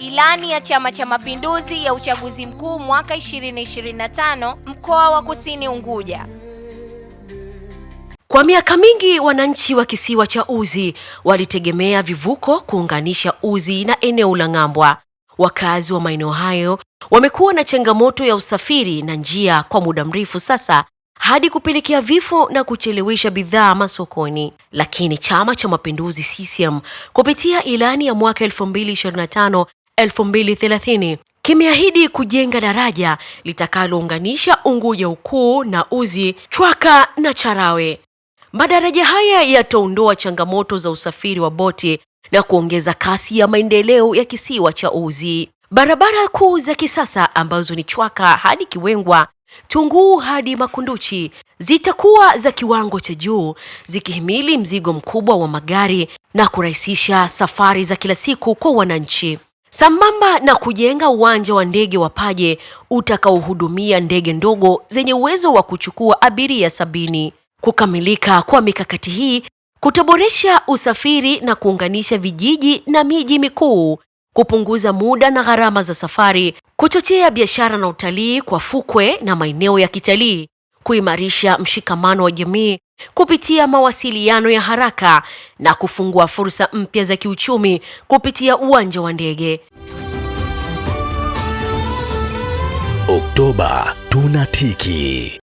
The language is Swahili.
Ilani ya Chama cha Mapinduzi ya uchaguzi mkuu mwaka 2025 mkoa wa Kusini Unguja. Kwa miaka mingi wananchi wa kisiwa cha Uzi walitegemea vivuko kuunganisha Uzi na eneo la Ng'ambwa. Wakazi wa maeneo hayo wamekuwa na changamoto ya usafiri na njia kwa muda mrefu sasa hadi kupelekea vifo na kuchelewesha bidhaa masokoni. Lakini Chama cha Mapinduzi CCM kupitia ilani ya mwaka 2025 2030 kimeahidi kujenga daraja litakalounganisha Unguja Ukuu na Uzi, Chwaka na Charawe. Madaraja haya yataondoa changamoto za usafiri wa boti na kuongeza kasi ya maendeleo ya kisiwa cha Uzi. Barabara kuu za kisasa ambazo ni Chwaka hadi Kiwengwa, Tunguu hadi Makunduchi zitakuwa za kiwango cha juu, zikihimili mzigo mkubwa wa magari na kurahisisha safari za kila siku kwa wananchi sambamba na kujenga uwanja wa ndege wa Paje utakaohudumia ndege ndogo zenye uwezo wa kuchukua abiria sabini. Kukamilika kwa mikakati hii kutaboresha usafiri na kuunganisha vijiji na miji mikuu, kupunguza muda na gharama za safari, kuchochea biashara na utalii kwa fukwe na maeneo ya kitalii, kuimarisha mshikamano wa jamii kupitia mawasiliano ya haraka na kufungua fursa mpya za kiuchumi kupitia uwanja wa ndege. Oktoba tunatiki.